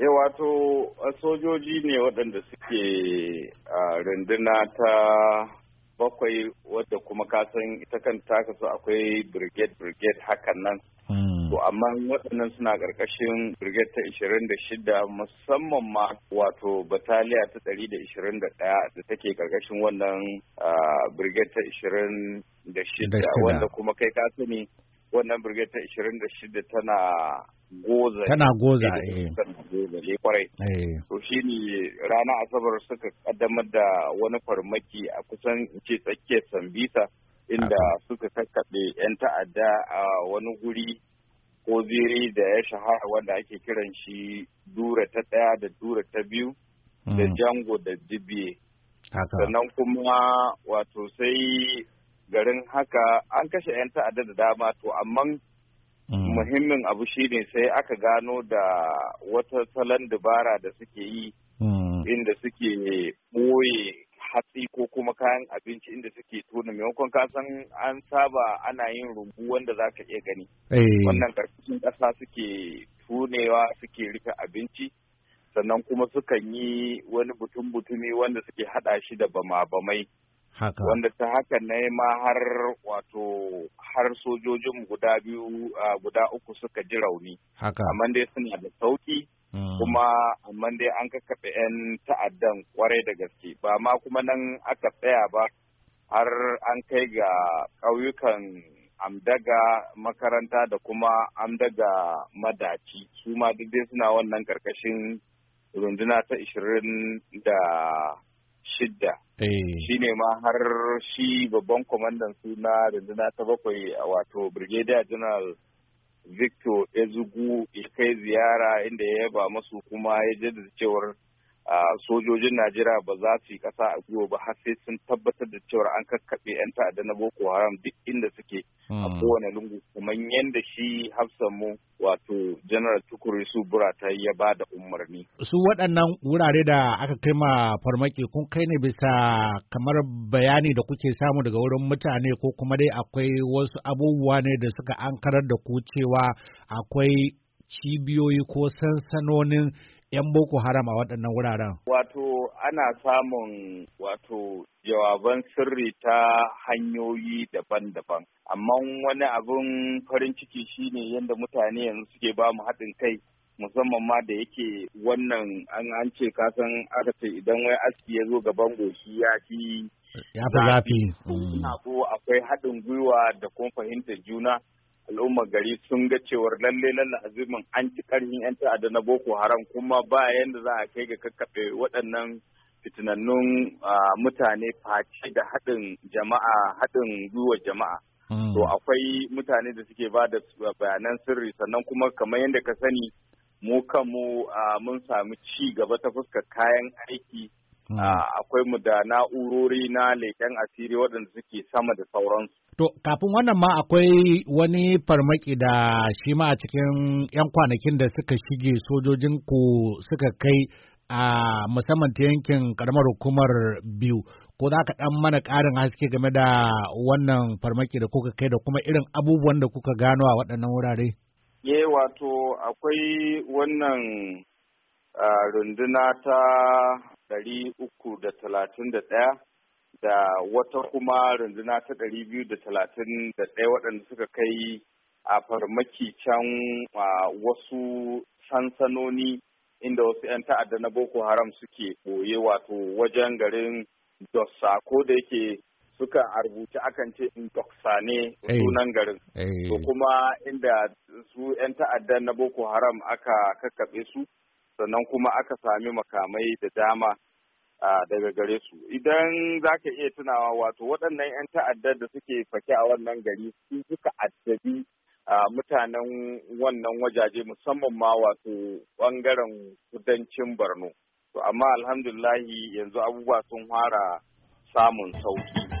ya eh, wato sojoji ne waɗanda suke a ta bakwai wadda kuma kasan ita kan taka su akwai brigade brigade hakan nan. Hmm. To amma waɗannan suna ƙarƙashin brigade ta 26 musamman ma wato bataliya ta 121 da take ƙarƙashin wannan brigade ta 26 wanda kuma kai ka sani wannan brigade ta 26 tana goza tana goza eh goza kwarai eh. to shine rana asabar suka kaddamar da wani farmaki a kusan ce tsakiyar sambisa inda suka kakkaɓe 'yan ta'adda a wani guri ko ziri da ya shahara wanda ake kiran shi dura ta ɗaya da dura ta biyu hmm. da jango da jibiye sannan kuma wato sai garin haka an kashe 'yan ta'adda da dama to amma Mm. muhimmin abu shine sai aka gano da wata salon dubara da suke yi mm. inda suke ɓoye hatsi ko kuma kayan abinci inda suke tona maimakon kasan an saba ana yin rumbu wanda za ka iya gani eh. wannan karkashin ƙasa suke tunewa suke rufe abinci sannan kuma sukan yi wani butun-butumi wanda suke haɗa shi da bama-bamai Haka. Wanda ta haka ne ma har wato har sojojin guda biyu guda uku suka ji rauni. Haka. Amma dai suna da sauki. Hmm. Kuma amma dai an kakkaɓe 'yan ta'addan kwarai da gaske ba ma kuma nan aka tsaya ba har an kai ga ƙauyukan daga makaranta da kuma amdaga madaci su ma dai suna wannan karkashin runduna ta ishirin da shidda. Eh. Shi ne ma har shi babban kwamandan suna rundunar ta bakwai wato Brigadier General Victor Ezugu ya kai ziyara inda ya yaba masu kuma ya jaddada cewar sojojin Najeriya ba za su yi ƙasa a gwiwa ba har sai sun tabbatar da cewar an kakkaɓe 'yan ta'adda na Boko Haram duk inda suke a hmm. kowane lungu kuma yadda shi hafsan mu wato General Tukuri su burata ya ba da umarni. Su waɗannan wurare da aka kai ma farmaki kun kai ne bisa kamar bayani da kuke samu daga wurin mutane ko kuma dai akwai wasu abubuwa ne da suka ankarar da ku cewa akwai cibiyoyi ko sansanonin 'yan boko haram a waɗannan wuraren? Wato ana samun wato jawaban sirri ta hanyoyi daban-daban. Amma wani abin farin ciki shine yadda mutane yanzu suke ba mu haɗin kai musamman ma da yake wannan an an ce kasan aka ce idan wai aski ya zo gaban goshi ya fi ya fi zafi. Mm. Akwai haɗin gwiwa da kuma fahimtar juna. al'ummar gari sun ga cewar lalle lalle azumin an ci karhin yan ta'adda na boko haram kuma ba yanda za a kai ga kakkafe waɗannan fitinannun mutane face da haɗin jama'a haɗin gwiwar jama'a hmm. to akwai mutane da suke ba da bayanan sirri sannan kuma kamar yadda ka sani mu kanmu mun samu ci gaba ta fuskar kayan aiki hmm. akwai mu da na'urori na leƙen asiri waɗanda suke sama da sauransu To, kafin wannan ma akwai wani farmaki da shi ma a cikin 'yan kwanakin da suka shige sojojin ku suka kai a musamman ta yankin karamar hukumar biyu. Ko za ka ɗan mana ƙarin haske game da wannan farmaki da kuka kai da kuma irin abubuwan da kuka gano a waɗannan wurare? Ye wato akwai wannan runduna ta ɗari uku da talatin da ɗaya da wata kuma runduna ta ɗari biyu da talatin da ɗaya waɗanda suka kai a farmaki can wasu sansanoni inda wasu 'yan ta'adda na boko haram suke ɓoye wato wajen garin dosa ko da yake suka a akan ce doksa ne sunan garin to kuma inda su 'yan ta'adda na boko haram aka kakkaɓe su sannan kuma aka sami makamai da dama daga gare su idan za ka iya tunawa wato waɗannan 'yan ta'addar da suke fake a wannan gari su suka addabi mutanen wannan wajaje musamman ma wato ɓangaren kudancin borno to amma alhamdulahi yanzu abubuwa sun fara samun sauki